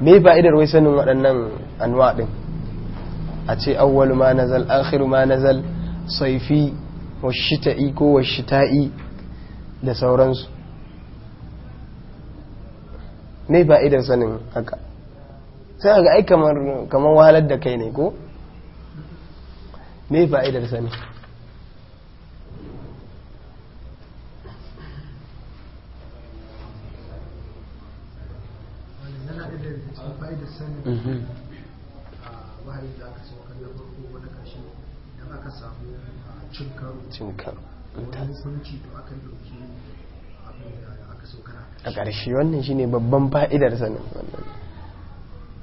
me fa'idar wai sanin anwa din a ce awwalu ma nazal akhiru ma nazal wa shita'i ko wa shita'i da sauransu me fa'idar sanin haka sai ga ai kamar kamar wahalar da kai ne ko me fa'idar sanin sani mhm. a ah, wahayi da aka ce farko wani karshe aka samu ah, cin karo cin karo to aka abin da aka so kana a ƙarshe wannan shine babban fa'idar sanin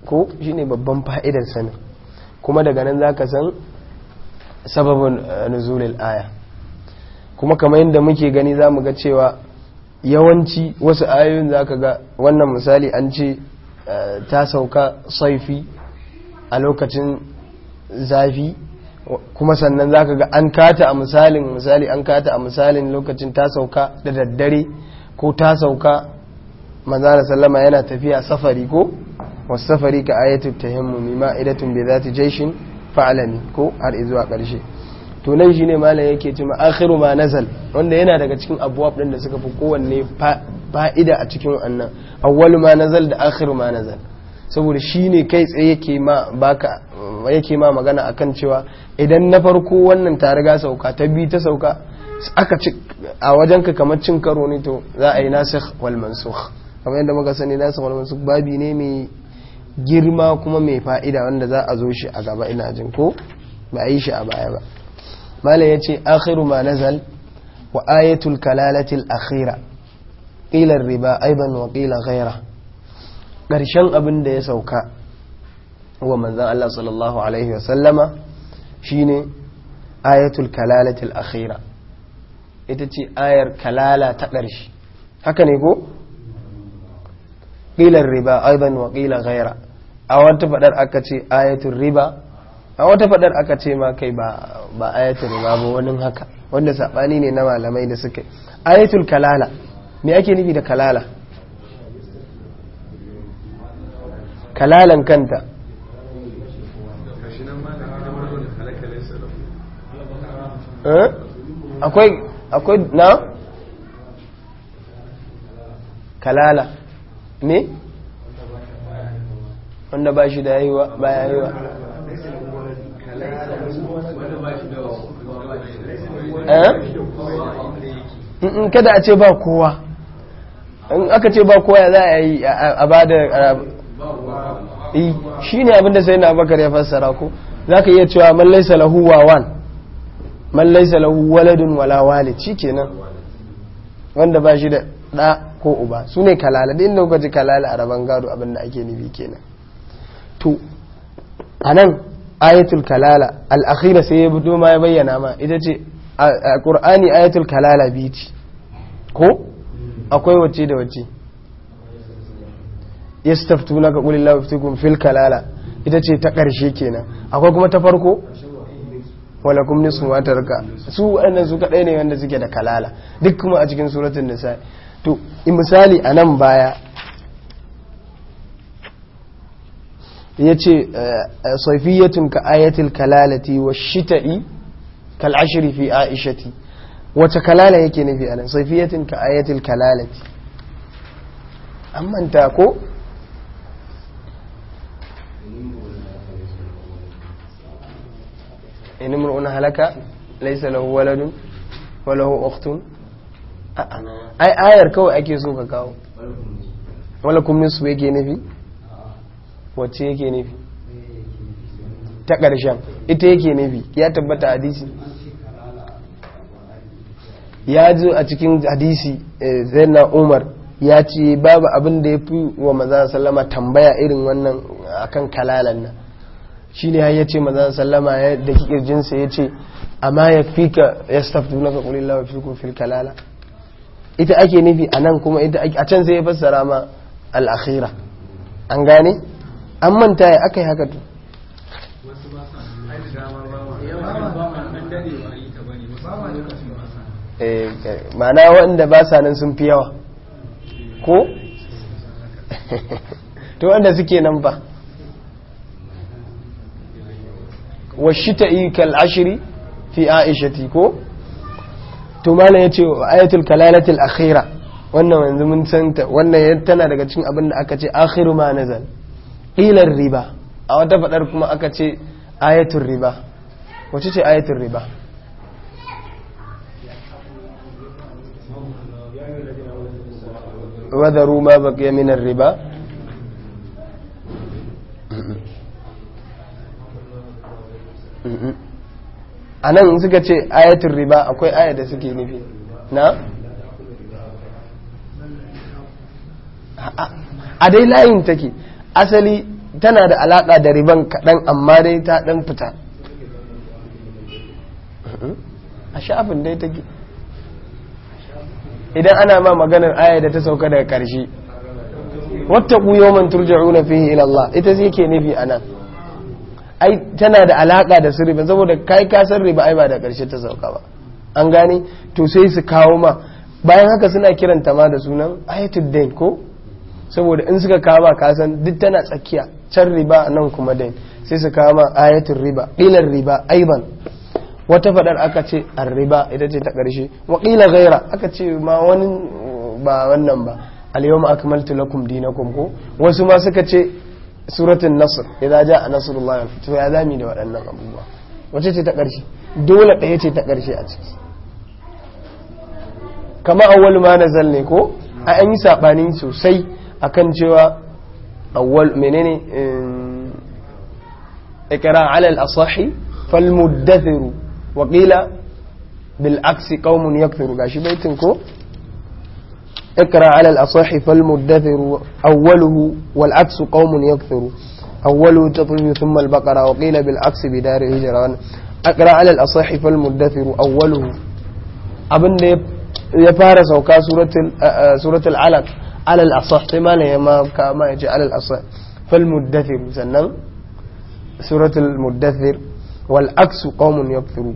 ko shine babban fa'idar sanin kuma daga nan zaka san sababin ah, nuzulil aya kuma kamar yadda muke gani zamu ga cewa yawanci wasu ayoyin za ka ga wannan misali an ce ta sauka saifi a lokacin zafi kuma sannan zaka ga an kata a misalin misali an kata a misalin lokacin ta sauka da daddare ko ta sauka mazara sallama yana tafiya safari ko wasu safari ka ayatul tahimmumi ma'idatun bi zati jaishin fa'alami ko har izuwa ƙarshe to nan shine malam yake ce ma akhiru ma nazal wanda yana daga cikin abuwa din da suka fi kowanne fa'ida a cikin wannan awwalu ma nazal da akhiru ma nazal saboda shine kai tsaye yake ma baka yake ma magana akan cewa idan na farko wannan ta riga sauka ta bi ta sauka aka ci a wajenka kamar cin karo ne to za a yi nasikh wal mansukh kamar yadda muka sani nasikh wal mansukh babi ne mai girma kuma mai fa'ida wanda za a zo shi a gaba ina jin ko ba yi shi a baya ba malam yace akhiru ma nazal wa ayatul kalalatil akhira ƙilar riba aiban wa ƙila ghaira ƙarshen abin da ya sauka wa manzan Allah sallallahu Alaihi wasallama shi ne ayatul kalalatul akhira ita ce ayar kalala ta ƙarshe haka ne ko? ƙilar riba aiban wa ƙila ghaira a wata faɗar aka ce ayatul riba a wata faɗar aka ce ma kai ba ayatul riba ba wani haka wanda saɓani ne na malamai da suka ayatul kalala me ake nufi da kalala kalalan kanta eh? akwai akwai na kalala me wanda ba shi da yayiwa ba yayiwa eh? kada a ce ba kowa in aka ce ba koya za a yi a ba da eh, shi ne abinda sai na bakar ya fassara ko za ka iya cewa mallai salahu wawan mallai salahu waladun wala walid shi kenan wanda ba shi da ɗa ko uba su ne kalala da inda kwaji kalala a rabon gado abinda ake nufi kenan to a nan ayatul kalala al'akhira sai ya fito ma ya bayyana ma ita ce a ƙur'ani ayatul kalala biyu ko akwai wace da wacce yastaftuna ka qulillahu yuftikum fil kalala ita ce ta ƙarshe kenan akwai kuma ta farko wala kuma nisun wata tarka su waɗannan su kadai ne wanda suke da kalala duk kuma a cikin suratun nisa to misali a nan baya yace eh, eh, safiyyatun ka ayatul kalalati wa shita'i kal ashri fi aishati wace kalala yake nufi a nan saifiyatin ka ayatul kalalati an manta ko in imru'un halaka laysa lahu waladun wa lahu ukhtun a a ayar kawai ake so ka kawo walakum nisfu yake nufi wace yake nufi ta ƙarshen ita yake nufi ya tabbata hadisi ya ji a cikin hadisi eh, na umar ya ce babu abin da ya fi wa maza sallama tambaya irin wannan akan kalalan nan shi ne ya ce maza sallama da kirjinsa ya ce amma ya fi ka ya staftu na kakulin lawa fi kun fil kalala ita ake nufi a nan kuma ita a can sai ya fassara ma al'akhira an gane an manta ya aka yi haka Eh, ma'ana wanda ba sa nan sun fi yawa ko? to wanda suke nan ba washi ta ikal ashiri fi aishati ko? to mana ya ce ayatul kalalatul akhira wannan wanzu mun santa wannan tana daga cikin abin da aka ce akhiru ma nazal ilar riba a wata faɗar kuma aka ce ayatul riba wacce ce ayatul riba وذروا ما بقي من الربا a nan suka ce ayatul riba akwai aya da suke nufi na? a dai layin take asali tana da alaƙa da riban kaɗan amma dai ta ɗan fita a shafin dai take idan ana ma maganar aya da ta sauka daga ƙarshe wattaqu yawman turja'una na ila Allah ita zai ke nufi anan ai tana da alaka da riba saboda kai ka san riba ai ba da ƙarshe ta sauka ba an gane to sai su kawo ma bayan haka suna kiranta ma da sunan ayatul dain ko saboda in suka kawo ma ka duk tana tsakiya can riba nan kuma dain sai su kawo ma ayatul riba ɗilan riba aiban wata fadar aka ce arriba ita ce ta karshe waƙila gaira aka ce ma wani ba wannan ba al-yawma dina lakum dinakum ko wasu ma suka ce suratun nasr idza jaa nasrullah wal ya zami da waɗannan abubuwa wace ce ta karshe dole ɗaya ce ta karshe a ciki kama awwal ma nazal ne ko a an yi sabanin sosai akan cewa awwal menene ikra ala al-asahi فالمدثر وقيل بالعكس قوم يكثر غاشي بيتنكو اقرا على الاصح فالمدثر اوله والعكس قوم يكثر اوله تطلب ثم البقره وقيل بالعكس بدار هجران اقرا على الاصح فالمدثر اوله ابن يا فارس او سوره العلق على الاصح ما ما كما يجي على الاصح فالمدثر مثلا سوره المدثر wal aksu qaumun yakthuru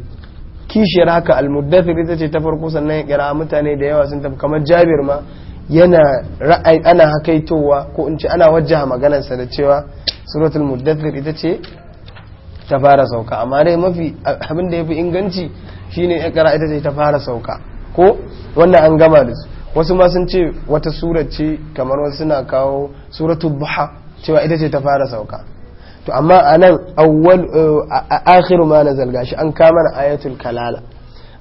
kishiyar haka almuddathir ita ce ta farko sannan ya kira mutane da yawa sun tafi kamar jabir ma yana ra'ayi ana hakaitowa ko in ce ana wajaha maganarsa da cewa suratul muddathir ita ce ta fara sauka amma dai mafi abin da ya fi inganci shine ya kira ita ce ta fara sauka ko wannan an gama da su wasu ma sun ce wata surace ce kamar wasu suna kawo suratul duha cewa ita ce ta fara sauka to amma a nan eh, akhiru ma nazal gashi an kama na ayatul kalala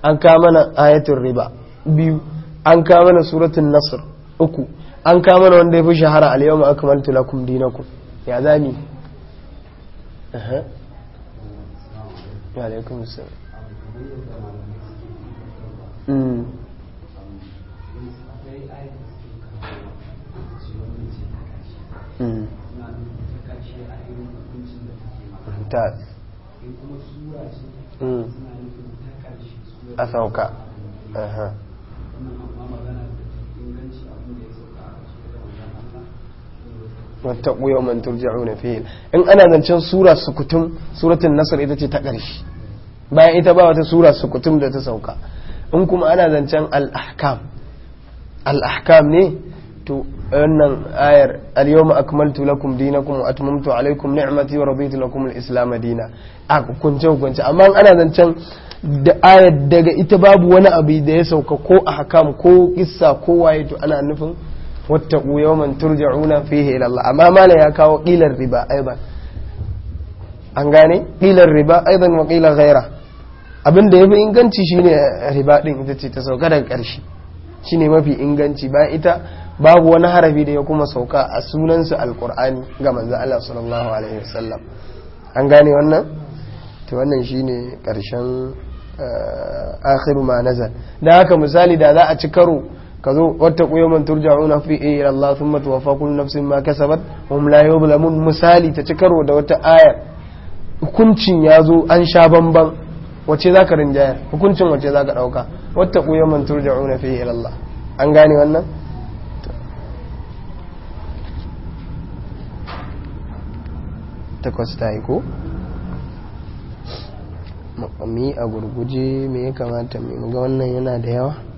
an kama na ayatul riba biyu an kama na suratul nasr uku an kama na wanda ya fi shahara al-yawma akmaltu lakum dinakum ya zami wa alaikum assalam hmm. ta hmm. a sauka wattaku yau man turja'una fihi in ana zancen sura sukutum suratun nasar ita ce ta ƙarshe bayan ita ba wata sura sukutum da ta sauka in kuma ana zancen al'ahkam ahkam ne to wannan ayar alyawma akmaltu lakum dinakum wa atmamtu alaykum ni'mati wa raditu lakum al-islam dina a kunce kunce amma ana zancen da ayar daga ita babu wani abu da ya sauka ko ahkam ko kissa ko waye to ana nufin wattaqu yawman turja'una fihi ila Allah amma mala ya kawo qilar riba aiban an gane qilar riba aiban wa qila ghaira abinda yafi inganci shine riba din ita ce ta sauka daga karshe shine mafi inganci bayan ita babu wani harafi da ya kuma sauka a sunansu alkur'ani ga manzan Allah sallallahu alaihi wasallam an gane wannan ta wannan shi ne karshen eh, akhiru ma nazar da haka misali da za a ci karo ka zo wata turja una fi ila Allah sun matuwa kullu nafsin ma kasabar wa hum la yuzlamun misali ta ci karo da wata aya hukuncin ya zo an sha bamban wace za ka rinjaya hukuncin wace za ka ɗauka wata turja una fi ila Allah an gane wannan takwas ta yi ko mu a gurguje me ya kamata mai ga wannan yana da yawa